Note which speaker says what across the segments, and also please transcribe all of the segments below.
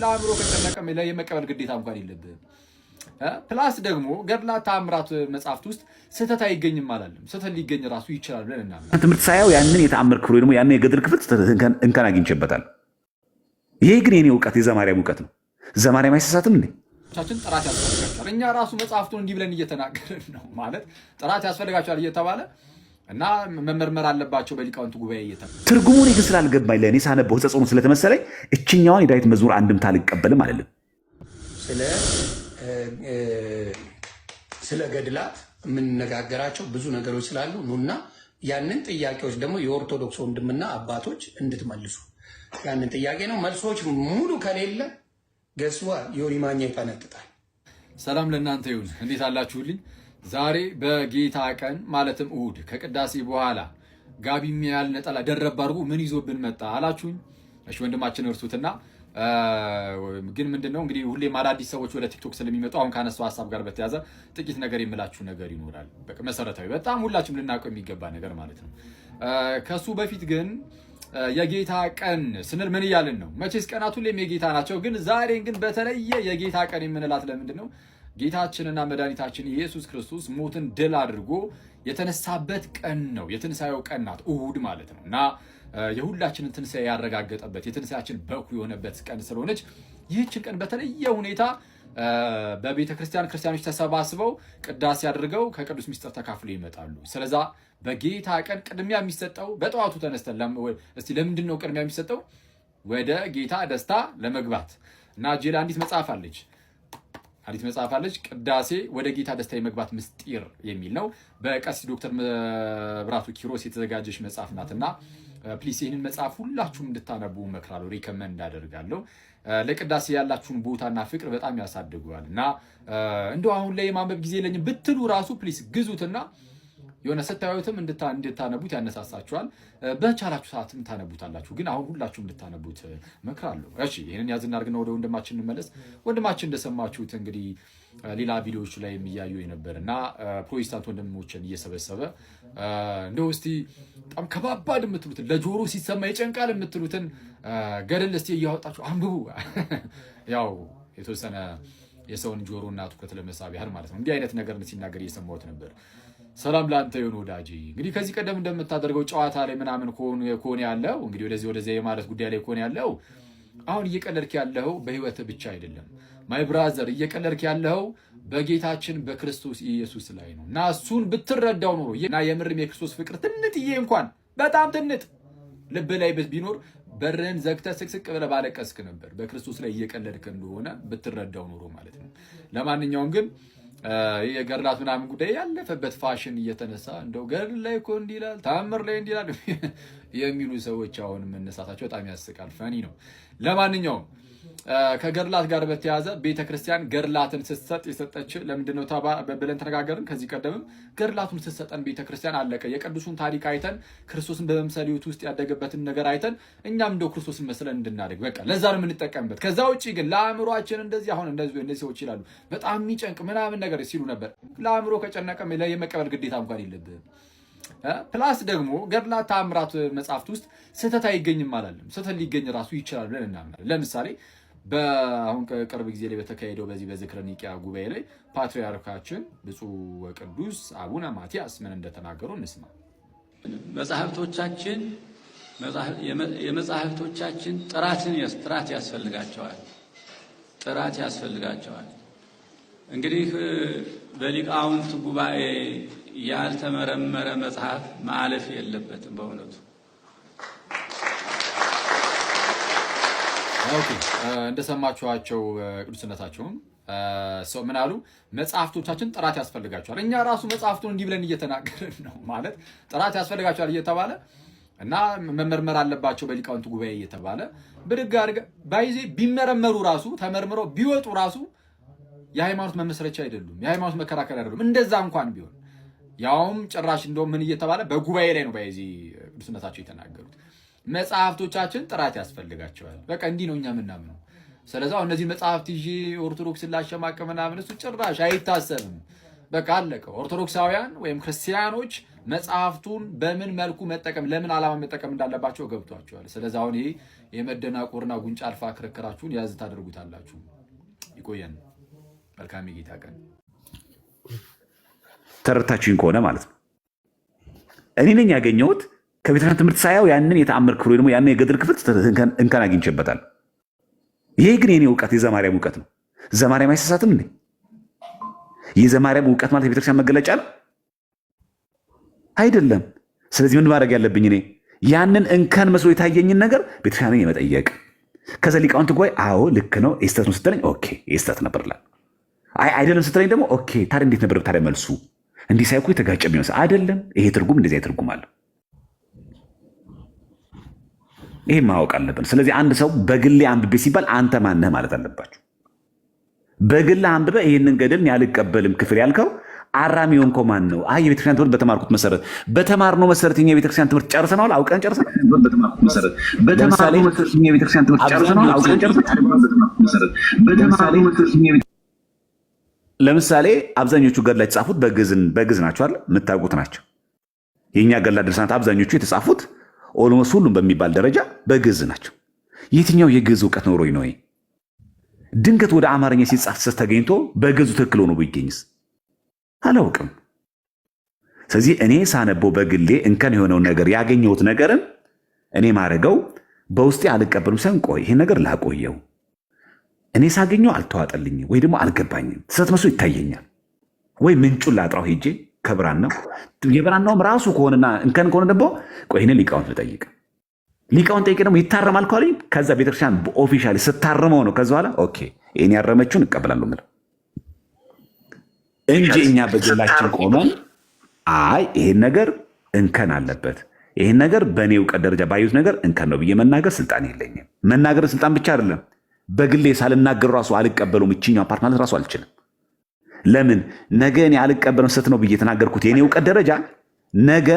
Speaker 1: ለአእምሮ ከጨነቀ የመቀበል ግዴታ እንኳን የለብህም። ፕላስ ደግሞ ገድላት፣ ታምራት መጽሐፍት ውስጥ ስህተት አይገኝም አላለም። ስህተት ሊገኝ ራሱ ይችላል ብለን እናምናለን።
Speaker 2: ትምህርት ሳያው ያንን የተአምር ክፍል ወይ ደግሞ ያንን የገድል ክፍል እንከን አግኝቼበታል። ይሄ ግን የኔ እውቀት የዘማርያም እውቀት ነው። ዘማርያም አይሳሳትም እ
Speaker 1: ቻችን ጥራት ያስፈልጋቸዋል። እኛ ራሱ መጽሐፍቱን እንዲህ ብለን እየተናገርን ነው ማለት ጥራት ያስፈልጋቸዋል እየተባለ እና መመርመር አለባቸው በሊቃውንት ጉባኤ እየተ
Speaker 2: ትርጉሙን ግን ስላልገባኝ ለእኔ ሳነበው ተጽዕኖ ስለተመሰለኝ እችኛዋን የዳዊት መዝሙር አንድምታ አልቀበልም አይደለም።
Speaker 3: ስለ ገድላት የምንነጋገራቸው ብዙ ነገሮች ስላሉ ኑና ያንን ጥያቄዎች ደግሞ የኦርቶዶክስ ወንድምና አባቶች እንድትመልሱ ያንን ጥያቄ ነው። መልሶች ሙሉ ከሌለ ገስዋ ዮኒ ማኛ ይፈነጥጣል።
Speaker 1: ሰላም ለእናንተ ይሁን። እንዴት አላችሁልኝ? ዛሬ በጌታ ቀን ማለትም እሁድ ከቅዳሴ በኋላ ጋቢ የሚያል ነጠላ ደረብ አድርጎ ምን ይዞብን መጣ አላችሁኝ? እሺ ወንድማችን እርሱትና ግን ምንድን ነው እንግዲህ ሁሌም አዳዲስ ሰዎች ወደ ቲክቶክ ስለሚመጡ አሁን ካነሳው ሀሳብ ጋር በተያዘ ጥቂት ነገር የምላችሁ ነገር ይኖራል። መሰረታዊ በጣም ሁላችሁም ልናውቀው የሚገባ ነገር ማለት ነው። ከሱ በፊት ግን የጌታ ቀን ስንል ምን እያልን ነው? መቼስ ቀናት ሁሌም የጌታ ናቸው። ግን ዛሬን ግን በተለየ የጌታ ቀን የምንላት ለምንድን ነው? ጌታችንና መድኃኒታችን ኢየሱስ ክርስቶስ ሞትን ድል አድርጎ የተነሳበት ቀን ነው። የትንሣኤው ቀን ናት እሁድ ማለት ነው እና የሁላችንን ትንሣኤ ያረጋገጠበት የትንሣኤያችን በኩ የሆነበት ቀን ስለሆነች ይህችን ቀን በተለየ ሁኔታ በቤተ ክርስቲያን ክርስቲያኖች ተሰባስበው ቅዳሴ አድርገው ከቅዱስ ሚስጥር ተካፍለው ይመጣሉ። ስለዛ በጌታ ቀን ቅድሚያ የሚሰጠው በጠዋቱ ተነስተን እስቲ ለምንድን ነው ቅድሚያ የሚሰጠው? ወደ ጌታ ደስታ ለመግባት እና ጄላ አንዲት መጽሐፍ አለች አዲስ መጽሐፍ አለች። ቅዳሴ ወደ ጌታ ደስታ የመግባት ምስጢር የሚል ነው። በቀሲስ ዶክተር መብራቱ ኪሮስ የተዘጋጀች መጽሐፍ ናትና ፕሊስ ይህንን መጽሐፍ ሁላችሁም እንድታነቡ እመክራለሁ፣ ሪከመንድ እንዳደርጋለሁ። ለቅዳሴ ያላችሁን ቦታና ፍቅር በጣም ያሳድገዋል እና እንደው አሁን ላይ የማንበብ ጊዜ የለኝም ብትሉ ራሱ ፕሊስ ግዙትና የሆነ ስታዩትም እንድታነቡት ያነሳሳችኋል። በቻላችሁ ሰዓትም ታነቡታላችሁ። ግን አሁን ሁላችሁም እንድታነቡት እመክራለሁ። እሺ ይህንን ያዝ እናድርግና ወደ ወንድማችን እንመለስ። ወንድማችን እንደሰማችሁት እንግዲህ ሌላ ቪዲዮዎች ላይ የሚያዩ የነበር እና ፕሮቴስታንት ወንድሞችን እየሰበሰበ እንደው እስቲ በጣም ከባባድ የምትሉትን ለጆሮ ሲሰማ የጨንቃል የምትሉትን ገደል እስቲ እያወጣችሁ አንብቡ። ያው የተወሰነ የሰውን ጆሮና ትኩረት ለመሳብ ያህል ማለት ነው። እንዲህ አይነት ነገር ሲናገር እየሰማሁት ነበር። ሰላም ለአንተ ይሁን ወዳጅ። እንግዲህ ከዚህ ቀደም እንደምታደርገው ጨዋታ ላይ ምናምን ከሆን ያለው እንግዲህ ወደዚህ ወደዚያ የማለት ጉዳይ ላይ ከሆን ያለው አሁን እየቀለድክ ያለው በህይወት ብቻ አይደለም ማይ ብራዘር፣ እየቀለድክ ያለው በጌታችን በክርስቶስ ኢየሱስ ላይ ነው እና እሱን ብትረዳው ኖሮ እና የምርም የክርስቶስ ፍቅር ትንጥዬ እንኳን በጣም ትንጥ ልብ ላይ ቢኖር በርህን ዘግተ ስቅስቅ ብለ ባለቀስክ ነበር። በክርስቶስ ላይ እየቀለድክ እንደሆነ ብትረዳው ኖሮ ማለት ነው። ለማንኛውም ግን የገድላት ምናምን ጉዳይ ያለፈበት ፋሽን እየተነሳ እንደው ገድል ላይ እኮ እንዲላል ታምር ላይ እንዲላል የሚሉ ሰዎች አሁን መነሳታቸው በጣም ያስቃል። ፈኒ ነው። ለማንኛውም ከገድላት ጋር በተያዘ ቤተክርስቲያን ገድላትን ስትሰጥ የሰጠች ለምንድነው ብለን ተነጋገርን። ከዚህ ቀደምም ገድላቱን ስትሰጠን ቤተክርስቲያን አለቀ። የቅዱሱን ታሪክ አይተን ክርስቶስን በመምሰል ሕይወት ውስጥ ያደገበትን ነገር አይተን እኛም እንደው ክርስቶስን መስለን እንድናደግ በቃ ለዛ ነው የምንጠቀምበት። ከዛ ውጭ ግን ለአእምሯችን እንደዚህ አሁን እነዚህ ሰዎች ይላሉ በጣም የሚጨንቅ ምናምን ነገር ሲሉ ነበር። ለአእምሮ ከጨነቀ የመቀበል ግዴታ እንኳን የለብህም ፕላስ ደግሞ ገድላ ተአምራት መጽሐፍት ውስጥ ስህተት አይገኝም አላለም። ስህተት ሊገኝ ራሱ ይችላል ብለን እናምናለን። ለምሳሌ በአሁን ቅርብ ጊዜ ላይ በተካሄደው በዚህ በዝክረ ጉባኤ ላይ ፓትሪያርካችን ብፁዕ ወቅዱስ አቡነ ማትያስ ምን እንደተናገሩ እንስማ።
Speaker 3: መጽሐፍቶቻችን የመጽሐፍቶቻችን ጥራትን ጥራት ያስፈልጋቸዋል ጥራት ያስፈልጋቸዋል። እንግዲህ በሊቃውንት ጉባኤ ያልተመረመረ መጽሐፍ ማለፍ የለበትም። በእውነቱ
Speaker 1: እንደሰማችኋቸው ቅዱስነታቸውም ሰው ምን አሉ? መጽሐፍቶቻችን ጥራት ያስፈልጋቸዋል። እኛ ራሱ መጽሐፍቱን እንዲህ ብለን እየተናገርን ነው። ማለት ጥራት ያስፈልጋቸዋል እየተባለ እና መመርመር አለባቸው በሊቃውንት ጉባኤ እየተባለ ብድግ አድርገ ባይዜ ቢመረመሩ ራሱ ተመርምረው ቢወጡ ራሱ የሃይማኖት መመስረቻ አይደሉም፣ የሃይማኖት መከራከል አይደሉም። እንደዛ እንኳን ቢሆን ያውም ጭራሽ እንደው ምን እየተባለ በጉባኤ ላይ ነው በዚህ ቅዱስነታቸው የተናገሩት። መጽሐፍቶቻችን ጥራት ያስፈልጋቸዋል። በቃ እንዲህ ነው እኛ ምናምነው። ስለዚ እነዚህ መጽሐፍት ይዤ ኦርቶዶክስን ላሸማቀ ምናምን እሱ ጭራሽ አይታሰብም። በቃ አለቀ። ኦርቶዶክሳውያን ወይም ክርስቲያኖች መጽሐፍቱን በምን መልኩ መጠቀም ለምን ዓላማ መጠቀም እንዳለባቸው ገብቷቸዋል። ስለዚ አሁን ይሄ የመደናቆርና ጉንጫ አልፋ ክርክራችሁን ያዝ ታደርጉታላችሁ። ይቆየን። መልካም የጌታ ቀን
Speaker 2: ተረታችሁኝ ከሆነ ማለት ነው። እኔ ነኝ ያገኘሁት ከቤተክርስቲያን ትምህርት ሳያው ያንን የተአምር ክፍል ደግሞ ያንን የገድር ክፍል እንከን አግኝቼበታል። ይሄ ግን የኔ እውቀት የዘማርያም እውቀት ነው። ዘማርያም አይሳሳትም እንዴ? የዘማርያም እውቀት ማለት የቤተክርስቲያን መገለጫ ነው አይደለም። ስለዚህ ምን ማድረግ ያለብኝ እኔ ያንን እንከን መስሎ የታየኝን ነገር ቤተክርስቲያንን የመጠየቅ ከዛ ሊቃውንት ጉባኤ አዎ ልክ ነው ኤስተት ነው ስትለኝ ኦኬ ኤስተት ነበር ላል አይደለም ስትለኝ ደግሞ ኦኬ ታዲያ እንዴት ነበር ታዲያ መልሱ እንዲህ ሳይኮ የተጋጨ የሚመስል አይደለም። ይሄ ትርጉም እንደዚህ ትርጉም አለው። ይህ ማወቅ አለብን። ስለዚህ አንድ ሰው በግሌ አንብቤ ሲባል አንተ ማነህ ማለት አለባችሁ። በግል አንብበ ይህንን ገድልን ያልቀበልም ክፍል ያልከው አራሚ የሆንከው ማን ነው? አይ የቤተክርስቲያን ትምህርት በተማርኩት መሰረት በተማርነው መሰረት እኛ የቤተክርስቲያን ትምህርት ጨርሰናል፣ አውቀን ጨርሰናል። በተማርኩት መሰረት መሰረት እኛ የቤተክርስቲያን ትምህርት ጨርሰናል፣ አውቀን ጨርሰናል። ለምሳሌ አብዛኞቹ ገድላት የተጻፉት በግዕዝ ናቸው አለ የምታውቁት ናቸው። የእኛ ገድላት ድርሳናት አብዛኞቹ የተጻፉት ኦልሞስ ሁሉም በሚባል ደረጃ በግዕዝ ናቸው። የትኛው የግዕዝ እውቀት ኖሮኝ ነው? ድንገት ወደ አማርኛ ሲጻፍ ስህተት ተገኝቶ በግዕዙ ትክክል ሆኖ ቢገኝስ? አላውቅም። ስለዚህ እኔ ሳነበው በግሌ እንከን የሆነውን ነገር ያገኘሁት ነገርን እኔ ማድረገው በውስጤ አልቀበልም ሳይሆን ቆይ ይህን ነገር ላቆየው እኔ ሳገኘው አልተዋጠልኝም ወይ ደግሞ አልገባኝም፣ ስህተት መስሎ ይታየኛል። ወይ ምንጩን ላጥራው ሄጄ ከብራናው የብራናውም ራሱ ከሆነና እንከን ከሆነ ደግሞ ቆይን ሊቃውንት ልጠይቅ። ሊቃውንት ጠይቄ ደግሞ ይታረማል ካለኝ ከዛ ቤተክርስቲያን ኦፊሻሊ ስታርመው ነው ከዚ በኋላ ኦኬ ይህን ያረመችውን እቀበላለሁ ምለው እንጂ እኛ በጀላችን ቆመን አይ ይሄን ነገር እንከን አለበት ይህን ነገር በእኔ እውቀት ደረጃ ባዩት ነገር እንከን ነው ብዬ መናገር ስልጣን የለኝም። መናገር ስልጣን ብቻ አይደለም በግሌ ሳልናገር ራሱ አልቀበለውም። ይችኛው ፓርት ማለት ራሱ አልችልም። ለምን ነገ እኔ አልቀበለም ስህተት ነው ብዬ የተናገርኩት የኔ እውቀት ደረጃ ነገ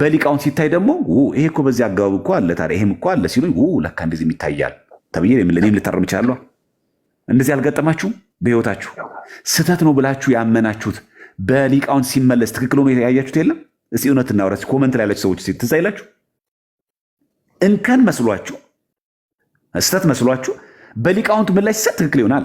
Speaker 2: በሊቃውን ሲታይ ደግሞ ይሄ እኮ በዚህ አገባብ እኮ አለ፣ ታዲያ ይሄም እኮ አለ ሲሉኝ ለካ እንደዚህ ይታያል ተብዬ እኔም ልታረም እችላለሁ። እንደዚህ አልገጠማችሁ? በህይወታችሁ ስህተት ነው ብላችሁ ያመናችሁት በሊቃውን ሲመለስ ትክክል ሆኖ ያያችሁት የለም? እስኪ እውነት እናውራ። ኮመንት ላይ ያላችሁ ሰዎች ትዝ እንከን መስሏችሁ ስህተት መስሏችሁ በሊቃውንት ምላሽ ሲሰጥ ትክክል ይሆናል።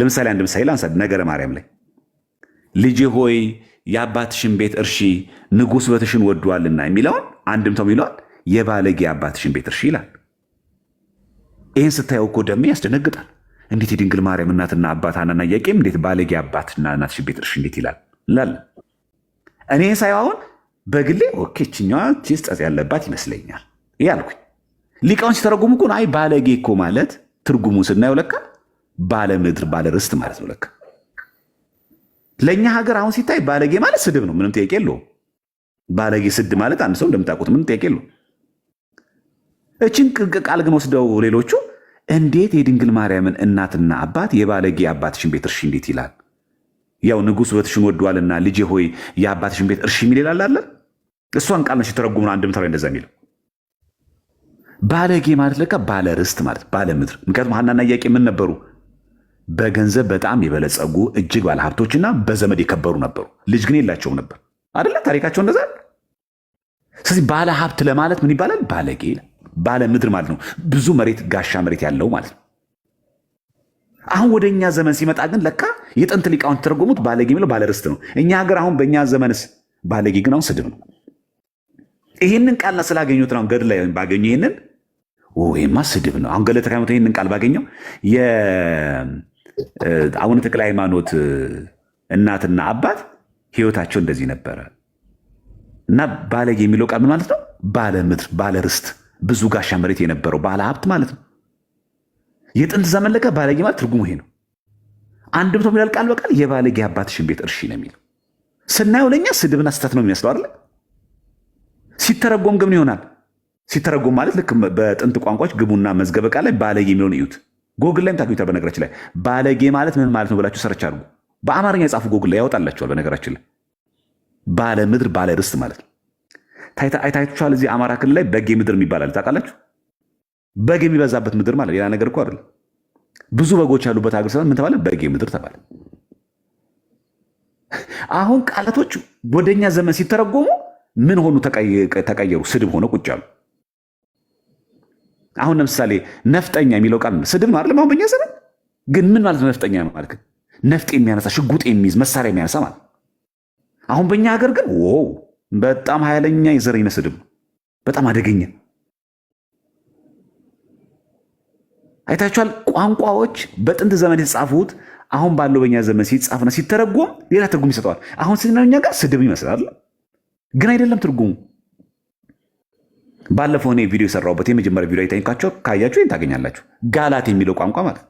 Speaker 2: ለምሳሌ አንድ ምሳሌ ላንሳ። ነገረ ማርያም ላይ ልጄ ሆይ የአባትሽን ቤት እርሺ ንጉሥ በትሽን ወዷልና የሚለውን አንድምታው ይለዋል የባለጌ የአባትሽን ቤት እርሺ ይላል። ይህን ስታየው እኮ ደሜ ያስደነግጣል። እንዴት የድንግል ማርያም እናትና አባት ሐናና ኢያቄም እንዴት ባለጌ አባትና እናትሽን ቤት እርሺ እንዴት ይላል እንላለን። እኔ ሳየው አሁን በግሌ ኦኬ ችኛዋ ጸጽ ያለባት ይመስለኛል እያልኩኝ ሊቃውን ሲተረጉሙ እኮ አይ ባለጌ እኮ ማለት ትርጉሙ ስናየው ለካ ባለምድር ባለርስት ማለት ነው። ለካ ለእኛ ሀገር አሁን ሲታይ ባለጌ ማለት ስድብ ነው። ምንም ጥያቄ የለውም። ባለጌ ስድ ማለት አንድ ሰው እንደምታውቁት ምንም ጥያቄ የለውም። እችን ቃል ግን ወስደው ሌሎቹ እንዴት የድንግል ማርያምን እናትና አባት የባለጌ አባትሽን ቤት እርሺ እንዴት ይላል? ያው ንጉሥ ውበትሽን ወዷልና ልጄ ሆይ የአባትሽን ቤት እርሺ የሚል ይላል አለ። እሷን ቃል ነች የተረጉሙን አንድምታ ላይ እንደዛ የሚለው ባለጌ ማለት ለካ ባለ ርስት ማለት ባለ ምድር። ምክንያቱም ሀናና ኢያቄም ምን ነበሩ? በገንዘብ በጣም የበለጸጉ እጅግ ባለ ሀብቶችና በዘመድ የከበሩ ነበሩ። ልጅ ግን የላቸውም ነበር አደለ? ታሪካቸው እንደዛ። ስለዚህ ባለ ሀብት ለማለት ምን ይባላል? ባለጌ ባለ ምድር ማለት ነው። ብዙ መሬት፣ ጋሻ መሬት ያለው ማለት ነው። አሁን ወደ እኛ ዘመን ሲመጣ ግን ለካ የጥንት ሊቃውን ተረጎሙት ባለጌ የሚለው ርስት ነው። እኛ ሀገር አሁን በእኛ ዘመንስ ባለጌ ግን አሁን ስድብ ነው። ይህንን ቃልና ስላገኙት ነው ገድ ላይ ባገኙ ይህንን ይሄማ ስድብ ነው። አሁን ገለተ ሃይማኖት ይህንን ቃል ባገኘው የአቡነ ተክለ ሃይማኖት እናትና አባት ህይወታቸው እንደዚህ ነበረ እና ባለጌ የሚለው ቃል ምን ማለት ነው? ባለ ምድር፣ ባለ ርስት፣ ብዙ ጋሻ መሬት የነበረው ባለ ሀብት ማለት ነው። የጥንት ዘመን ባለ ባለጌ ማለት ትርጉሙ ይሄ ነው። አንድም ሰው ሚላል ቃል በቃል የባለጌ አባትሽን ቤት እርሺ ነው የሚለው። ስናየው ለእኛ ስድብና ስህተት ነው የሚመስለው አይደለ? ሲተረጎም ግን ይሆናል ሲተረጎም ማለት ልክ በጥንት ቋንቋዎች ግቡና መዝገበ ቃል ላይ ባለጌ የሚለውን እዩት። ጎግል ላይም ታገኙታ። በነገራችን ላይ ባለጌ ማለት ምን ማለት ነው ብላችሁ ሰርች አድርጉ። በአማርኛ የጻፉ ጎግል ላይ ያወጣላቸዋል። በነገራችን ላይ ባለ ምድር ባለ ርስት ማለት ነው። አይታችኋል። እዚህ አማራ ክልል ላይ በጌ ምድር የሚባላል ታውቃላችሁ። በግ የሚበዛበት ምድር ማለት ሌላ ነገር እኮ አይደለም። ብዙ በጎች ያሉበት ሀገር ስለሆነ ምን ተባለ? በጌ ምድር ተባለ። አሁን ቃላቶች ወደኛ ዘመን ሲተረጎሙ ምን ሆኑ? ተቀየሩ። ስድብ ሆነ ቁጭ አሉ። አሁን ለምሳሌ ነፍጠኛ የሚለው ቃል ስድብ ነው አይደለም? አሁን በእኛ ዘመን ግን ምን ማለት ነው? ነፍጠኛ ማለት ነፍጥ የሚያነሳ ሽጉጥ የሚይዝ መሳሪያ የሚያነሳ ማለት። አሁን በእኛ ሀገር ግን ው በጣም ኃይለኛ የዘረኝነ ስድብ ነው። በጣም አደገኛ አይታችኋል። ቋንቋዎች በጥንት ዘመን የተጻፉት አሁን ባለው በእኛ ዘመን ሲጻፍና ሲተረጎም ሌላ ትርጉም ይሰጠዋል። አሁን ስኛ ጋር ስድብ ይመስላል፣ ግን አይደለም ትርጉሙ ባለፈው እኔ ቪዲዮ የሰራሁበት የመጀመሪያ ቪዲዮ አይታኝካቸው ካያችሁ ይህን ታገኛላችሁ። ጋላት የሚለው ቋንቋ ማለት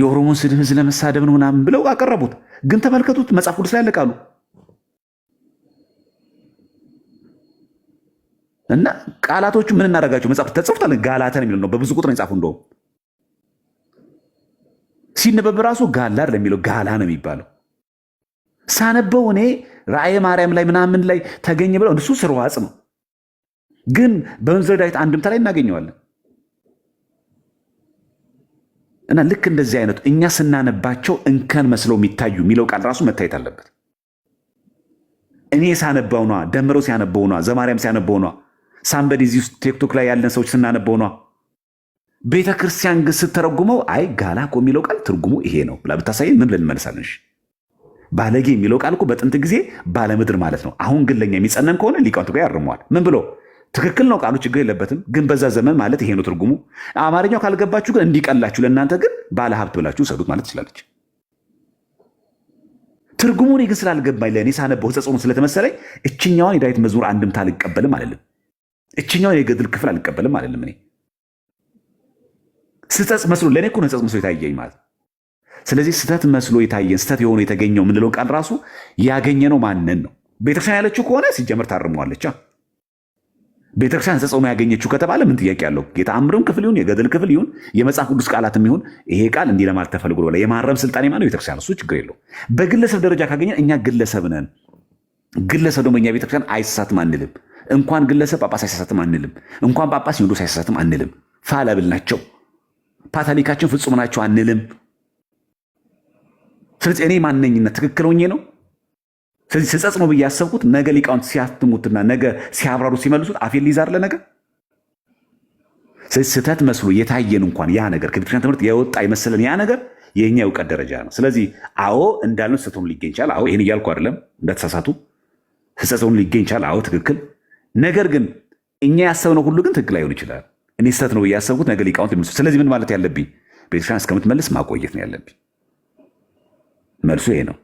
Speaker 2: የኦሮሞን ህዝብ ለመሳደብ ነው ምናምን ብለው አቀረቡት። ግን ተመልከቱት፣ መጽሐፍ ቅዱስ ላይ ያለቃሉ እና ቃላቶቹ ምን እናደርጋቸው መጽሐፍ ተጽፏል። ጋላተን የሚለው ነው በብዙ ቁጥር የጻፉ እንደውም ሲነበብ ራሱ ጋላ ለሚለው ጋላ ነው የሚባለው ሳነበው እኔ ራእየ ማርያም ላይ ምናምን ላይ ተገኘ ብለው እሱ ስርዋጽ ነው፣ ግን በመንዝረ ዳዊት አንድምታ ላይ እናገኘዋለን። እና ልክ እንደዚህ አይነቱ እኛ ስናነባቸው እንከን መስለው የሚታዩ የሚለው ቃል ራሱ መታየት አለበት። እኔ ሳነባው ኗ ደምረው ሲያነበው ኗ ዘማርያም ሲያነበው ኗ ሳንበድ እዚህ ውስጥ ቲክቶክ ላይ ያለን ሰዎች ስናነበው ኗ ቤተ ክርስቲያን ግን ስትተረጉመው አይ ጋላኮ የሚለው ቃል ትርጉሙ ይሄ ነው ብላ ብታሳይ ምን ልንመልሳለን? ባለጌ የሚለው ቃል እኮ በጥንት ጊዜ ባለምድር ማለት ነው። አሁን ግን ለኛ የሚጸነን ከሆነ ሊቃውንቱ ጋር ያርመዋል። ምን ብሎ ትክክል ነው ቃሉ ችግር የለበትም። ግን በዛ ዘመን ማለት ይሄ ነው ትርጉሙ። አማርኛው ካልገባችሁ ግን እንዲቀላችሁ ለእናንተ ግን ባለ ሀብት ብላችሁ ሰዱት ማለት ትችላለች። ትርጉሙ እኔ ግን ስላልገባኝ ለእኔ ሳነበው ተጽዕኖ ስለተመሰለኝ እችኛዋን የዳዊት መዝሙር አንድምታ አልቀበልም አይደለም፣ እችኛዋን የገድል ክፍል አልቀበልም አይደለም። እኔ ስጸጽ መስሎ ለእኔ እኮ ነው ስጸጽ መስሎ የታየኝ ማለት ነው። ስለዚህ ስተት መስሎ የታየን ስተት የሆነ የተገኘው የምንለው ቃል ራሱ ያገኘነው ማንን ነው? ቤተክርስቲያን ያለችው ከሆነ ሲጀምር ታርሟለች። ቤተክርስቲያን ተጽዕኖ ያገኘችው ከተባለ ምን ጥያቄ አለው? የተአምርም ክፍል ይሁን የገድል ክፍል ይሁን የመጽሐፍ ቅዱስ ቃላትም ይሁን ይሄ ቃል እንዲህ ለማለት ተፈልጎ ብላ የማረም ስልጣን የማነው? ቤተክርስቲያን። እሱ ችግር የለው። በግለሰብ ደረጃ ካገኘን እኛ ግለሰብ ነን። ግለሰብ ደግሞ እኛ ቤተክርስቲያን አይሳሳትም አንልም። እንኳን ግለሰብ ጳጳስ አይሳሳትም አንልም። እንኳን ጳጳስ ሲኖዶስ አይሳሳትም አንልም። ፋለብል ናቸው። ፓታሊካችን ፍጹም ናቸው አንልም። ስለዚህ እኔ ማነኝነት ትክክል ሆኜ ነው። ስለዚህ ስጸጽ ነው ብዬ ያሰብኩት ነገ ሊቃውንት ሲያትሙትና ነገ ሲያብራሩ ሲመልሱት አፌን ሊይዝ አይደለ ስለዚህ ስህተት መስሎ የታየን እንኳን ያ ነገር ከቤተ ትምህርት የወጣ የመሰለን ያ ነገር የእኛ እውቀት ደረጃ ነው። ስለዚህ አዎ እንዳልነው ስህተቱን ሊገኝ ይችላል። አዎ ይህን እያልኩ አይደለም እንደተሳሳቱ፣ ስህተቱን ሊገኝ ይችላል። አዎ ትክክል። ነገር ግን እኛ ያሰብነው ሁሉ ግን ትክክል አይሆን ይችላል። እኔ ስህተት ነው ብዬ ያሰብኩት ነገ ሊቃውንት ሊመልሱት። ስለዚህ ምን ማለት ያለብኝ ቤተክርስቲያን እስከምትመልስ ማቆየት ነው ያለብኝ። መልሱ ይሄ ነው።